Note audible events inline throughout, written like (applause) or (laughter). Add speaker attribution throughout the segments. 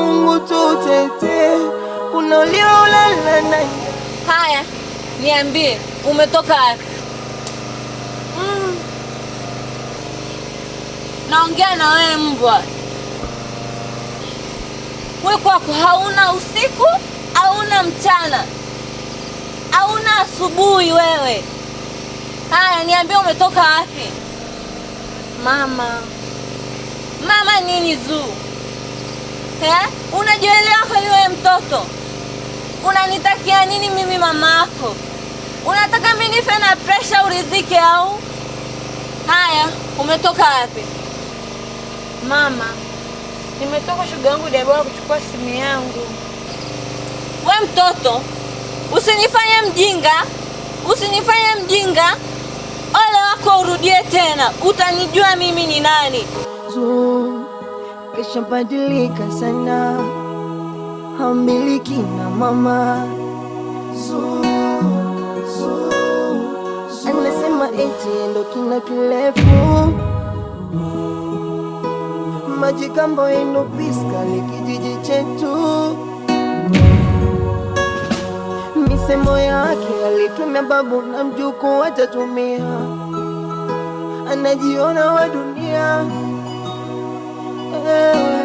Speaker 1: Mungu tutete, kuna uliolala naye. Haya, niambie umetoka wapi? Mm. Naongea na wewe mbwa. We kwako hauna usiku, hauna mchana, hauna asubuhi wewe. Haya, niambie umetoka wapi? Mama, mama nini zuu Eh? Unajielewa kwa wewe mtoto? Unanitakia nini mimi mamako? Unataka mimi nife na pressure urizike au? Haya, umetoka wapi? Mama, nimetoka shuga yangu Debora kuchukua simu yangu. We mtoto, usinifanye mjinga, usinifanye mjinga. Ole wako urudie tena, utanijua mimi ni nani. Zuu. Kishabadilika sana, hamiliki na mama anasema yaani eti ndo kina kirefu maji kambo ino piska ni kijiji chetu. Misemo yake
Speaker 2: alitumia babu na mjukuu, watatumia anajiona wa dunia wewe,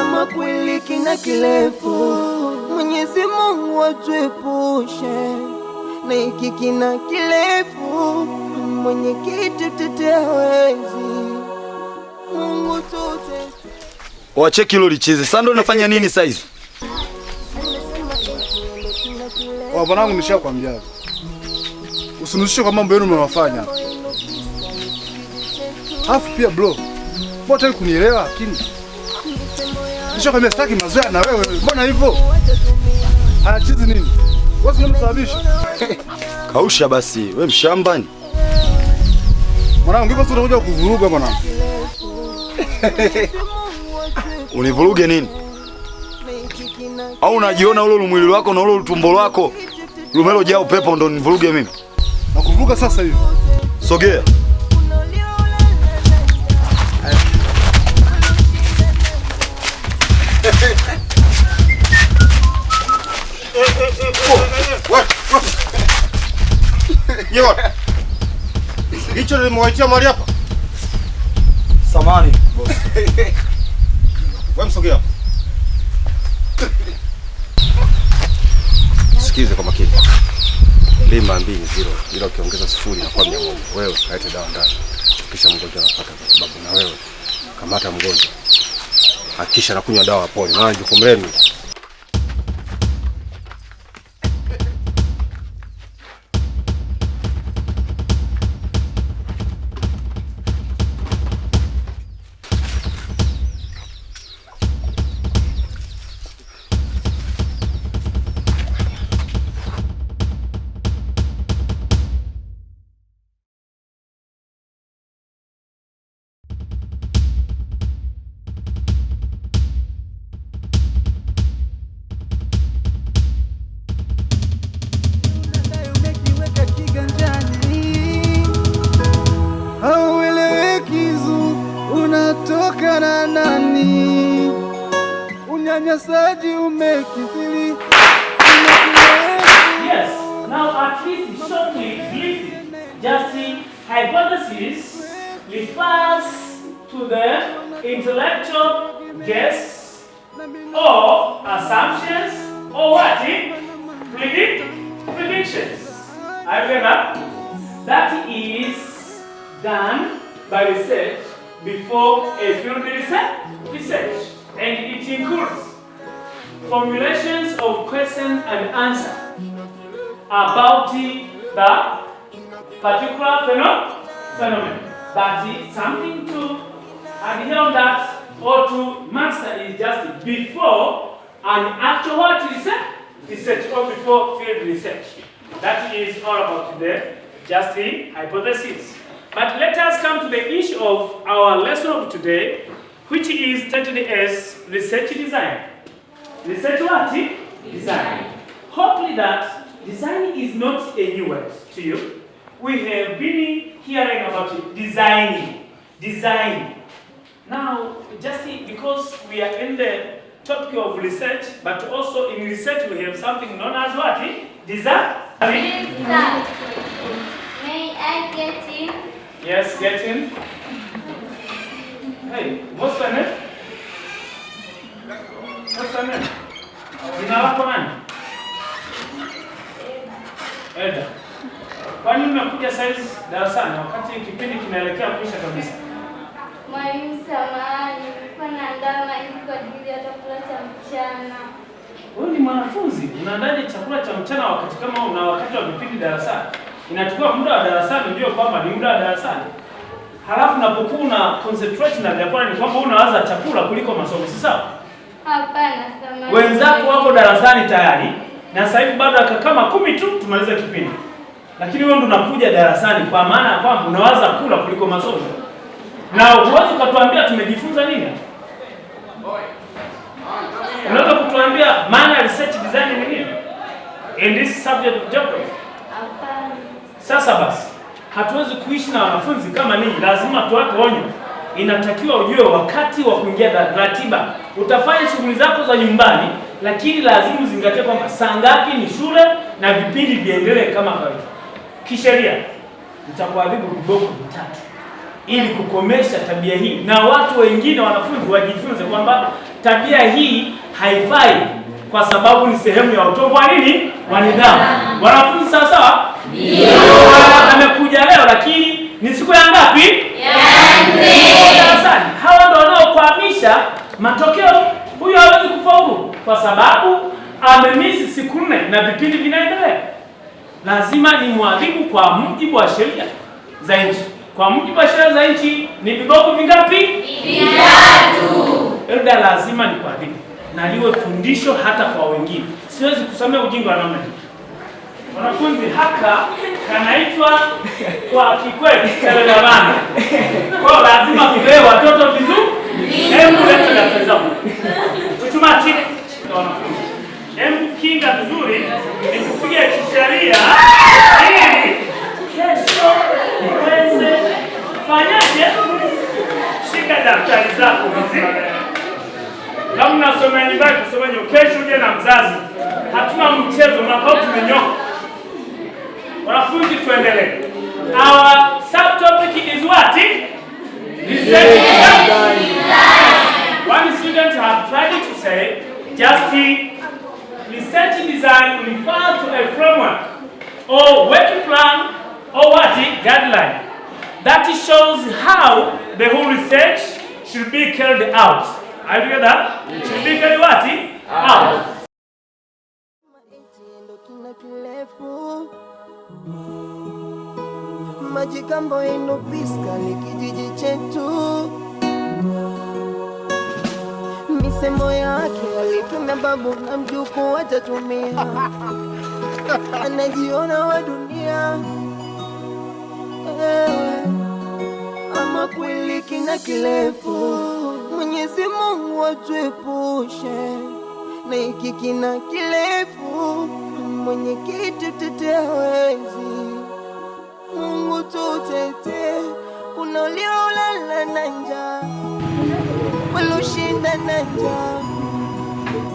Speaker 2: ama kweli kina kirefu. Mwenyezi Mungu atuepushe na hiki kina kirefu. tetea wezi, Mungu Wacheki hilo licheze sasa, ndo nafanya nini saizi? Wavanangu, nishakwambia usinihusishe kwa mambo yenu mmewafanya. Hafu pia bro Mbona kunielewa lakini? Nishakwambia sitaki mazoea na wewe. Mbona hivyo? Anachizi nini? Wewe unamsababisha. (laughs) Kausha basi, wewe mshambani. Mwanangu, hivyo sio unakuja kuvuruga mwanangu. (laughs) Univuruge nini? Au unajiona ule mwili wako na ule utumbo lako jao pepo ndo nivuruge mimi? Nakuvuruga sasa hivi. Sogea. umeniona? Hicho nilimwaitia mali hapa. Samani, boss. Wewe msogea hapa. Sikize kwa makini. Lima mbili zero ila ukiongeza sifuri inakuwa mia moja. Wewe kaete dawa ndani. Kisha mgonjwa anapata matibabu na wewe kamata mgonjwa. Hakisha nakunywa dawa apone. Maana jukumu lenu
Speaker 3: nani? Unyanyasaji umekithiri. Yes, now at least it's shortly briefly. Justice hypothesis refers to the intellectual guess or assumptions or what? Predict, predictions. I remember That is done by research before a field eh? research, and it includes formulations of questions and answers about the particular phenomenon, phenomenon. But something to adhere on that or to master is just before an actual research, research or before field research. That is all about the just the hypothesis. But let us come to the issue of our lesson of today, which is titled as Research Design. Research what?
Speaker 4: Design.
Speaker 3: Hopefully that design is not a new word to you. We have been hearing about it. designing, design. Now, just because we are in the topic of research, but also in research we have something known as what? Design.
Speaker 4: Design. May I get in?
Speaker 3: Yes, get in. Hey, what's your name? What's your name? Jina lako nani? Eda. Kwa nini unakuja saizi darasani wakati kipindi kinaelekea kuisha kabisa?
Speaker 4: Mwalimu, samahani, nilikuwa naandaa maji kwa ajili ya chakula cha mchana.
Speaker 2: Wewe ni mwanafunzi, unaandaje chakula cha mchana wakati kama una wakati wa vipindi darasani? inachukua muda wa darasani, ndio kwamba ni muda wa darasani. Halafu napokuwa na concentrate na vyakula, ni kwamba unawaza chakula kuliko masomo, si sawa?
Speaker 4: Hapana, samahani.
Speaker 2: Wenzako wako darasani tayari na sasa hivi bado kama kumi tu tumalize kipindi, lakini wewe ndo unakuja darasani, kwa maana ya kwamba unawaza kula kuliko masomo, na huwezi ukatuambia tumejifunza nini. Unaweza kutuambia maana research design ni nini in this subject of geography? Sasa basi, hatuwezi kuishi na wanafunzi kama ninyi, lazima tuwape onyo. Inatakiwa ujue wakati wa kuingia ratiba. Utafanya shughuli zako za nyumbani, lakini lazima uzingatie kwamba saa ngapi ni shule na vipindi viendelee kama kawaida. Kisheria nitakuadhibu viboko vitatu ili kukomesha tabia hii, na watu wengine wanafunzi wajifunze kwamba tabia hii haifai, kwa sababu ni sehemu ya utovu wa nini, wa nidhamu. Wanafunzi sawasawa amekuja leo, lakini ni siku ya ngapi? Darasani. Hawa ndio wanaokwamisha matokeo. Huyu hawezi kufaulu kwa sababu amemisi siku nne na vipindi vinaendelea. Lazima ni mwadhibu kwa mujibu wa sheria za nchi. Kwa mujibu wa sheria za nchi ni vibogo vingapi?
Speaker 4: Vitatu.
Speaker 2: Elda lazima ni kuadhibu na liwe fundisho hata kwa wengine. Siwezi kusomea ujinga wa namna hii. Mwanafunzi haka kanaitwa kwa kikweli Selemani. Kwa lazima kulee watoto vizuri. Hebu leta daftari zako. Tutuma Hebu kinga vizuri nikupiga kisharia ili kesho uweze fanyaje? Shika daftari zako vizuri. Kama unasoma nyumbani kusoma kesho uje na mzazi. Hatuna mchezo, mwaka tumenyoka. Wanafunzi tuendelee. Our subtopic is what?
Speaker 3: One student have tried to say just research design refers to a framework or work plan or what guideline that shows how the whole research should be carried out. Are you together? Should be carried what?
Speaker 4: Out. maji kambo inopiska ni kijiji chetu. Misemo yake alitumia babu na mjuku watatumia, (laughs) anajiona wa dunia eh, ama kweli kina kirefu. Mwenyezi Mungu atuepushe na hiki kina kirefu. Mwenyekiti, tetea wezi ututete, kuna uliolala na njaa, walioshinda na njaa,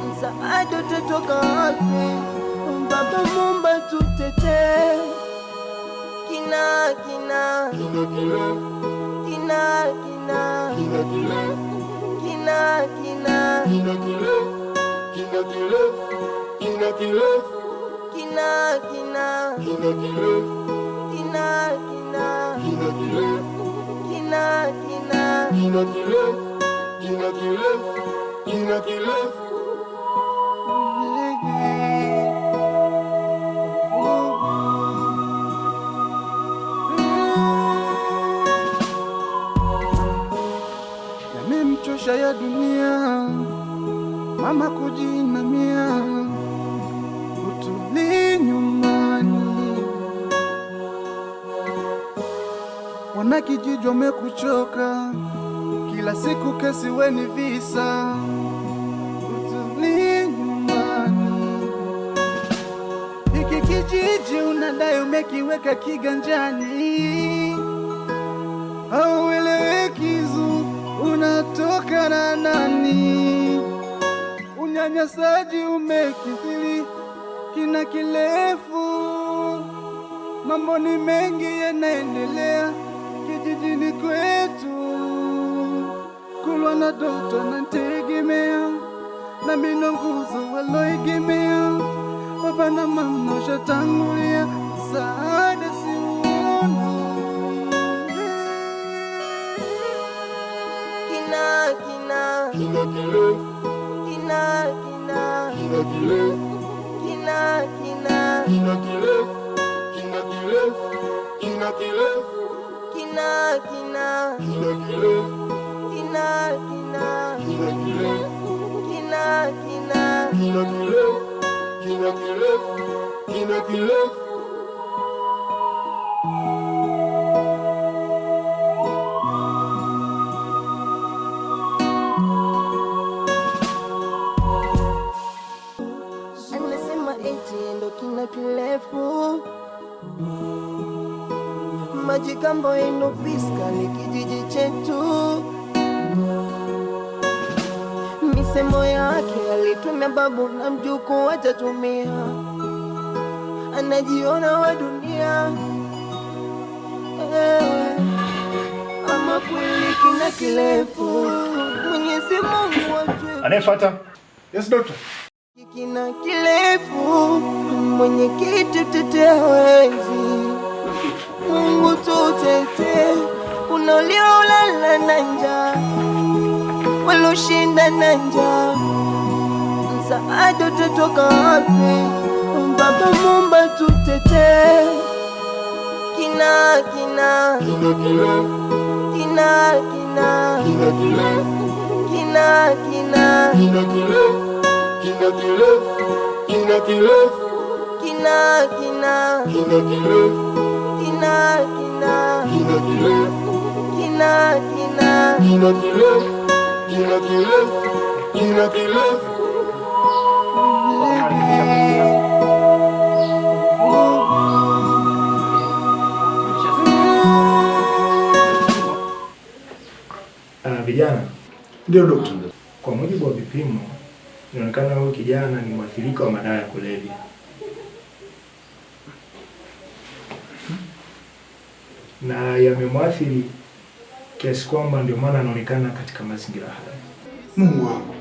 Speaker 4: msaada utatoka wapi? Baba kina kina kina kina kina kina kina kina kina Yamemchosha ya dunia mama kujinamia
Speaker 5: Wana kijiji wamekuchoka, kila siku kesi ni visa hiki kijiji unadai umekiweka kiganjani, auelewekizu unatoka na nani? Unyanyasaji umekithili kina kilefu, mambo ni mengi yanaendelea kijijini kwetu, kulwa na doto na nantegemea na mina nguzo waloegemea, baba na mama ushatangulia, msaada siuona. Kina kina kina kirefu kina kina kina kirefu kina kina kina kirefu kina kirefu kina kirefu kina kina kina kina kina kina Maji kambo inopiska ni kijiji chetu. Misemo yake alitumia babu na mjukuu, atatumia anajiona wa dunia eh. Ama kweli kina kirefu, Mwenyezi Mungu atwe anayefuata. Yes, doctor. Kina kirefu, mwenyekiti tetea wezi Mungu tutete, kuna waliolala na njaa, waloshinda na njaa, msaada utatoka wapi? Baba Mumba tutete, kina kina
Speaker 4: kina
Speaker 5: kina kina
Speaker 4: kina kina
Speaker 5: kina kina
Speaker 4: kirefu
Speaker 5: kina kina
Speaker 4: kina kirefu kina kirefu kina kirefu
Speaker 6: vijana ndio dokta. Kwa mujibu wa vipimo, inaonekana huyu kijana ni mwathirika wa madawa ya kulevya. na yamemwathiri kiasi kwamba ndio maana anaonekana katika mazingira haya.
Speaker 7: Mungu wangu,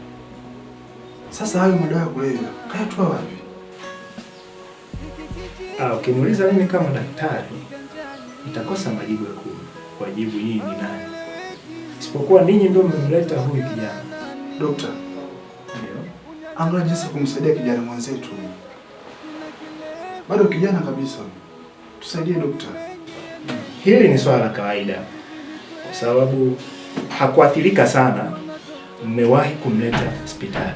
Speaker 7: sasa hayo madawa ya kulevya kayatoa wapi?
Speaker 6: Ah, ukimuuliza mimi kama daktari nitakosa majibu ya kuwajibu nyinyi ni nani, isipokuwa ninyi ndio mmemleta huyu kijana.
Speaker 7: Dokta, angalia jinsi kumsaidia kijana mwenzetu, bado kijana kabisa. Tusaidie daktari
Speaker 6: hili ni swala la kawaida, kwa sababu hakuathirika sana, mmewahi kumleta hospitali.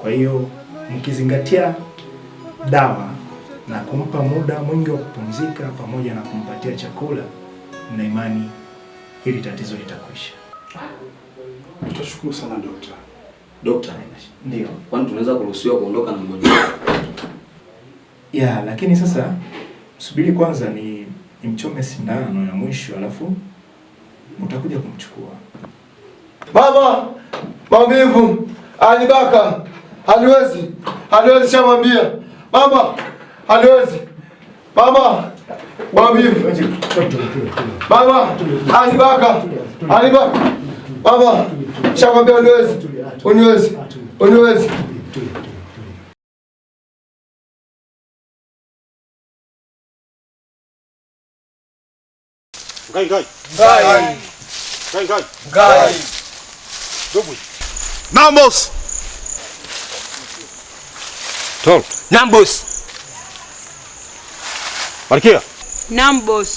Speaker 6: Kwa hiyo mkizingatia dawa na kumpa muda mwingi wa kupumzika pamoja na kumpatia chakula, na imani hili tatizo litakwisha.
Speaker 7: Tutashukuru sana dokta.
Speaker 6: Dokta, ndio kwani tunaweza kuruhusiwa kuondoka na mgonjwa? Ya, lakini sasa subiri kwanza ni nimchome sindano ya mwisho, alafu utakuja kumchukua.
Speaker 8: baba maumivu anibaka, haliwezi, haliwezi, shamwambia baba, haliwezi baba maumivu mama, alibaka. anibaka shamwambia uniwezi, uniwezi, uniwezi
Speaker 9: Ngai ngai. Ngai. Ngai ngai. Ngai. Ndugu.
Speaker 10: Nambos. Tol. Nambos.
Speaker 9: Malkia. Nambos.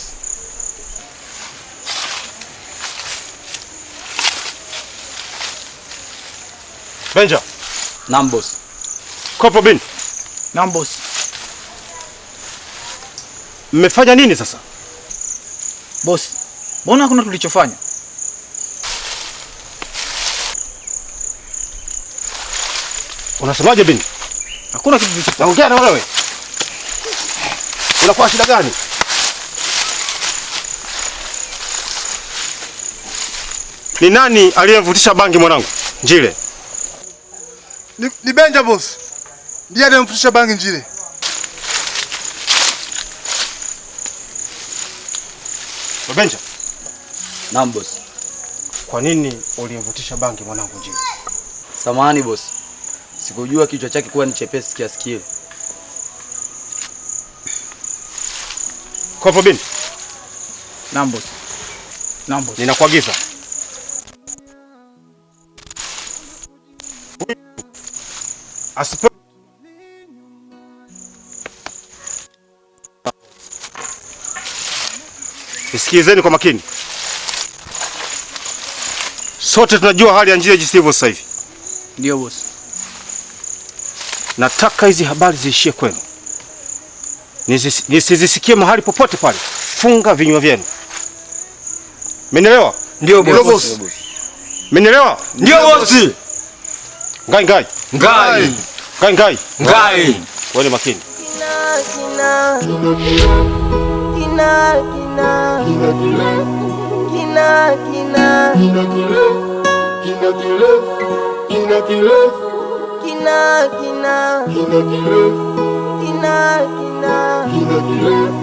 Speaker 9: Benja. Nambos. Kopo bin. Nambos. Mmefanya nini sasa?
Speaker 11: Bosi, mbona hakuna tulichofanya?
Speaker 9: Unasemaje bini?
Speaker 11: Hakuna kitu tulichofanya. Ongea na wewe.
Speaker 9: Unakuwa shida gani? Ni nani aliyemvutisha bangi mwanangu? Njile.
Speaker 12: Ni, ni Benja boss. Ndiye aliyemvutisha bangi Njile.
Speaker 9: Benja. Naam boss. Kwa nini ulivutisha bangi mwanangu nje?
Speaker 11: Samahani boss. sikujua kichwa chake kuwa ni chepesi kiasi kile. Kopo bin. Naam boss. Naam bosi.
Speaker 9: Ninakuagiza asipe Sikilizeni kwa makini, sote tunajua hali ya njia jinsi ilivyo sasa hivi. Ndio boss. nataka hizi habari ziishie kwenu, nisizisikie mahali popote pale. Funga vinywa vyenu, menelewa?
Speaker 11: Ndio boss. menelewa? Ndio boss.
Speaker 9: Ngai ngai ngai ngai ngai ngai, weni makini kina kina kina kirefu kina kina kina kirefu kina kirefu kina kirefu kina kina kina kirefu kina kina kina kirefu